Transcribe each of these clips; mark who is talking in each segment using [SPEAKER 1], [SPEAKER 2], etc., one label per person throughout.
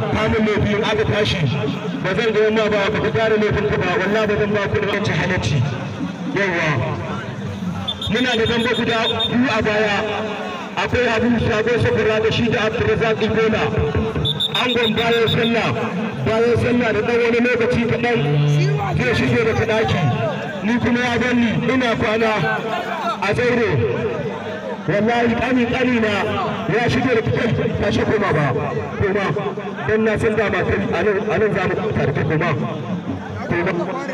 [SPEAKER 1] kwanin mai biyu aka tashi ba zan ga yamma ba ba ku gyara laifin ku ba wallahi ba zan ba ku da ci halacci yawa muna da zamba guda biyu a baya akwai abin shago safura da shi da abdurrazak ibola angon bayan sallah bayan sallah da ɗan wani lokaci kaɗan zai shige da kaɗaki ni kuma ya ganni ina kwana a Zairo. wallahi kani kani na ya shige da kitan ta shi koma ba koma dan na san da matar anan anan za mu tarbi koma koma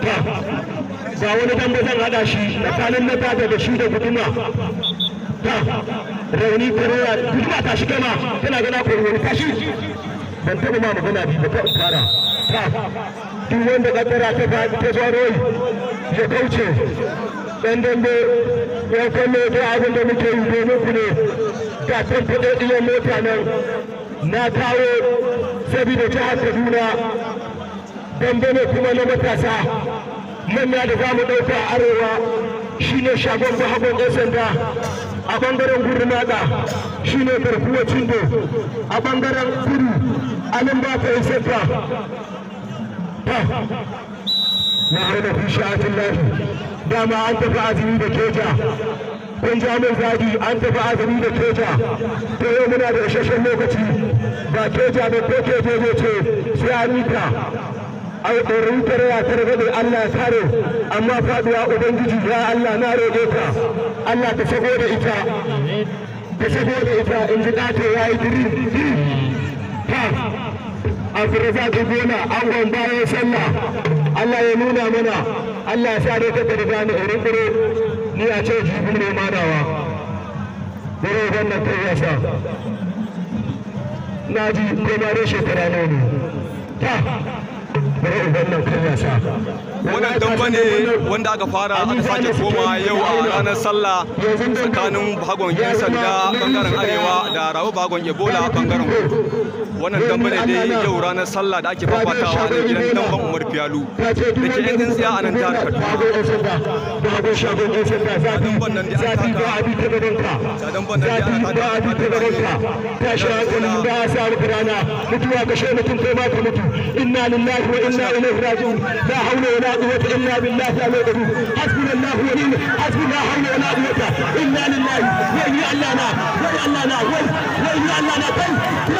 [SPEAKER 1] ta ga wani dan bazan hada shi tsakanin na tada da shi da guduma ta rauni karewa guduma ta shi kama tana gana korowar tashi ban taɓa ma magana bi ba ta duk wanda ta ya kauce Ɗan dambe ya kallo da abin da muke yi domin ku ne da san faɗaɗiyar mota nan na kawo saboda jihar kaduna dambe ne kuma na matasa manya da zamu ɗauka a arewa shine shagon bahagon ɗan sanda a bangaren gudu naɗa shine garkuwa cindo a bangaren gudu anan ba ta yi sefa ta na ainihin sha'atin lafi dama an tafi azumi da keja kun ja min zagi an tafi azumi da keja ta yau muna da isasshen lokaci ba keja ba ko keje ne ce sai an yi ta a tsoron tarayya ta rabe Allah sare amma faduwa ubangiji ya Allah na roƙe ta Allah ta shago da ita ta shago da ita in ji ɗato ya yi diri diri ta a firza ta gona an bayan sallah Allah ya nuna mana Allah ya sa dai kada da gane irin kure ni a ce jibi ne madawa dare wannan kai ya sa na ji ko ma dai shekara ne ta dare wannan kai ya sa wannan damba ne wanda aka fara aka sake koma yau a ranar sallah tsakanin bagon yan sanda bangaren arewa da rawa bagon ebola bangaren kudu wannan damba ne dai yau ranar sallah da ake fafatawa a gidan damban umar fiyalu da ke yan tsintsiya a nan jihar kaduna damban nan da aka taka damban nan da aka taka ta shi hankalin da ya sa rana mutuwa kashe mutum kai ma da mutu إنا لله وإنا إليه راجعون لا حول ولا قوة إلا بالله يا ولد حسبنا الله ونعم حسبنا لا حول ولا قوة إلا لله وإن الله لا وإن الله لا وإن الله لا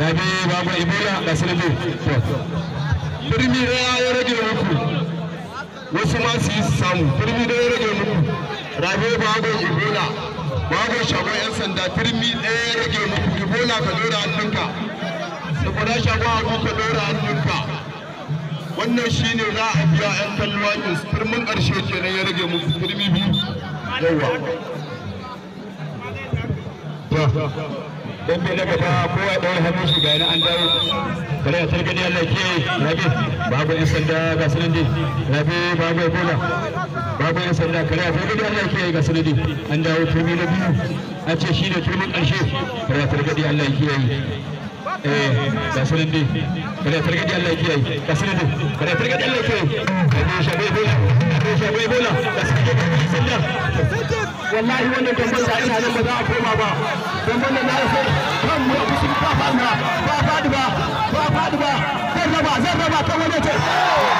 [SPEAKER 1] na biyu babu ibola ga sanabu birni daya ya rage muku wasu ma su yi samu birni daya ya rage muku rabe babu ibola babu shagon yan sanda birni daya ya rage muku ibola ka dora hannunka saboda shagon abu ka dora hannunka wannan shine za a biya yan kalluwa ɗin birnin ƙarshe kenan ya rage muku birni biyu yawa don bai daga ta ko a ɗaure hannun shi ga an dawo kare a sargani Allah ke rabi babu yan sanda ga sanan dai rabi babu bola babu yan sanda kare a sargani Allah ke ga sanan dai an dawo turmi na biyu a ce shi ne turmin ƙarshe kare a sargani Allah ke yi eh ga sanan dai kare a sargani Allah ke yi ga sanan dai kare a sargani Allah ke yi abin shabai bola abin shabai bola ga sanan dai wallahi wannan damban da ina nan ba za a koma ba damban da na yi sai kan mu abu sun ba ba ba ba ba ba ba ba zan raba zan raba kan wani ce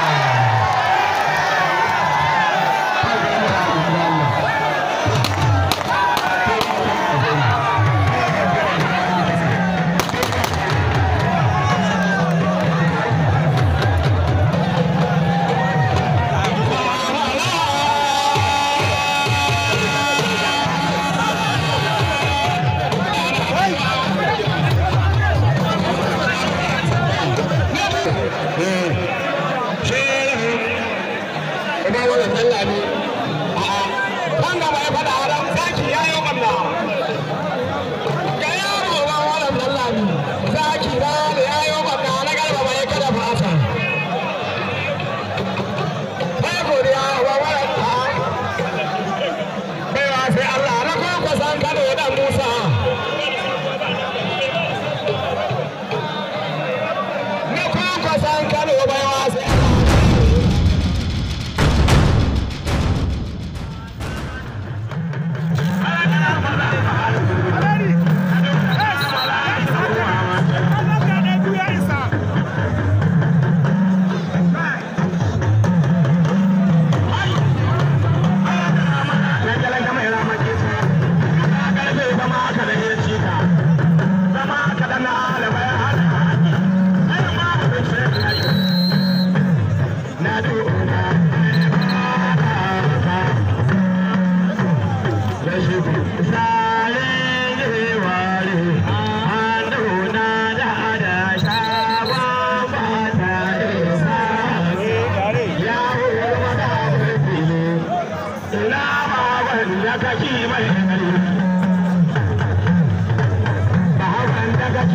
[SPEAKER 1] kan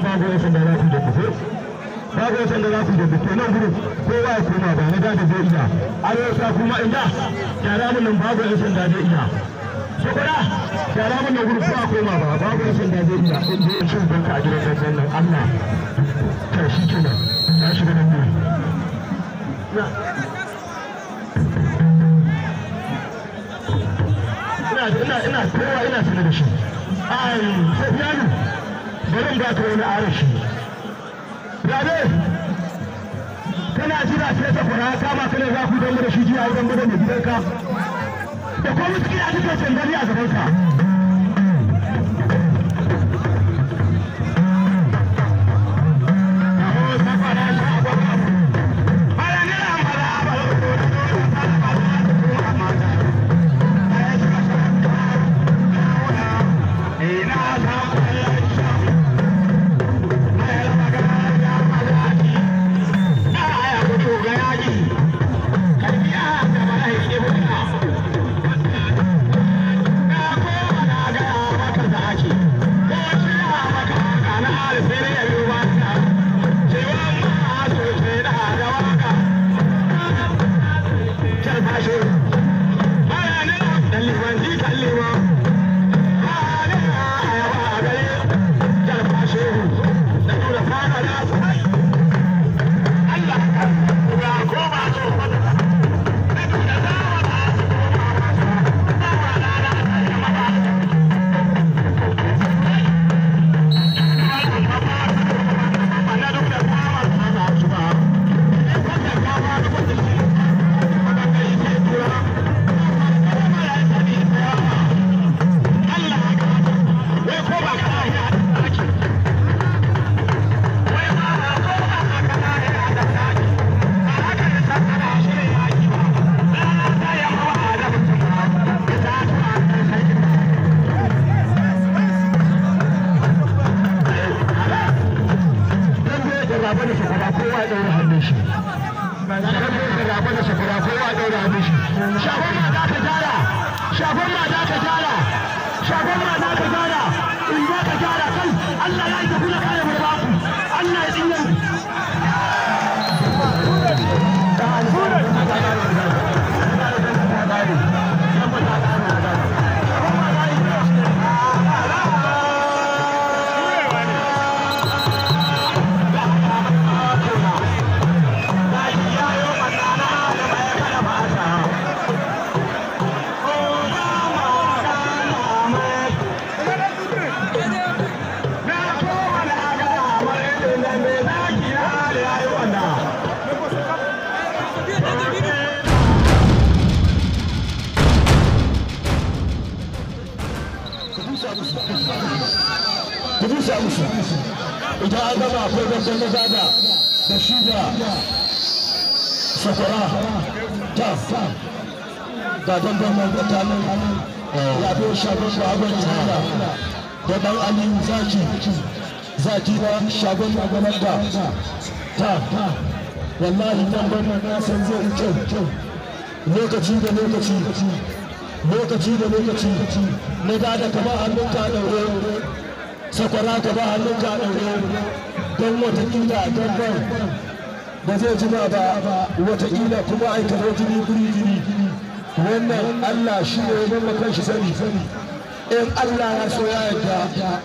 [SPEAKER 1] babu wasan da za ku jefi ko babu da za koma ba na da zai iya arewa kuma inda yara mun nan babu wasan da zai iya
[SPEAKER 2] saboda yara mun nan ba babu da zai
[SPEAKER 1] iya in je in cin a gidan nan Allah to shi kenan ya shiga nan gurin ina ina kowa ina sanar da shi ai safiyanu bari ba ta wani arashi rabe kana jira sai ta kura kama kana za ku dan da shi jiya dan da mai gidanka da kuma suke a cikin sandari a gaban ka ka gyara in za ka gyara kan Allah ya sakwara ta ga nan ya yabe shagon shagon tara da dan aliyu zaki zaki na shagon shagonar da ta wallahi dambar na san zai kyau lokaci da lokaci lokaci da lokaci na gada ka ba hannun ka daure sakwara ka ba hannun ka daure don wata kila a dambar ba zai jima ba Wataƙila kuma ai ka zo jini guri jini wannan Allah shi ne ya kan shi sani in Allah ya so ya yarda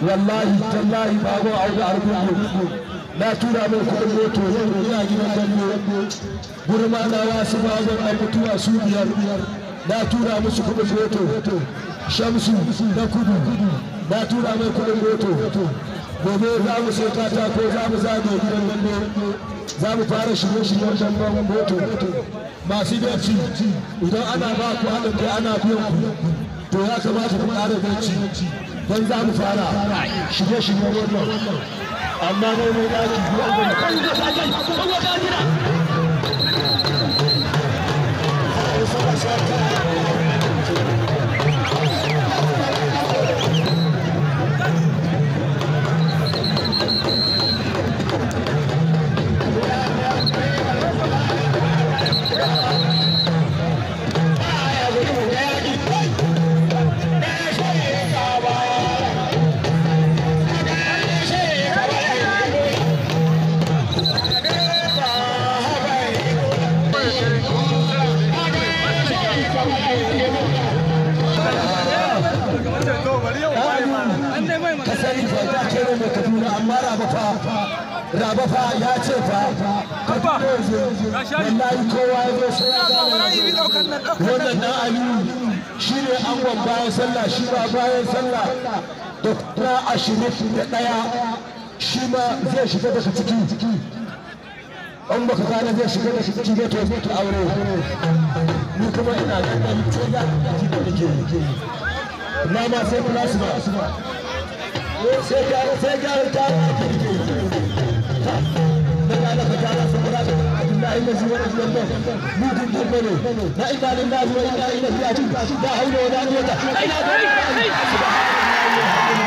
[SPEAKER 1] wallahi tallahi ba a auda arbun na tura min kuɗin moto ina gidan ganyo gurma na wasu babban abubuwa su biyar na tura musu kuɗin moto shamsu na kudu na tura mai kuɗin moto gobe za mu sai katako za mu zage gidan ganyo za mu fara shigo shiryen damben moto masu bacci idan ana ba ku haɗa kai ana biyan ku to ya kamata ku ƙara bacci don za mu fara shigo shiryen wannan amma dai mai alhaji fa ta ce mai kaduna amma raba fa raba fa ya ce fa ka wallahi kowa ya zo sai ya wannan dan aliyu shi ne angon bayan sallah shi ba bayan sallah da kuma ashirin da ɗaya shi ma zai shiga daga ciki an baka gane zai shiga da ciki ne to zai ta aure ni kuma ina ganin sai ya da nake na ma sai mu nasu ba sai ka sai ta da fata da saboda da Allah inna shi wani dan dan na ibadin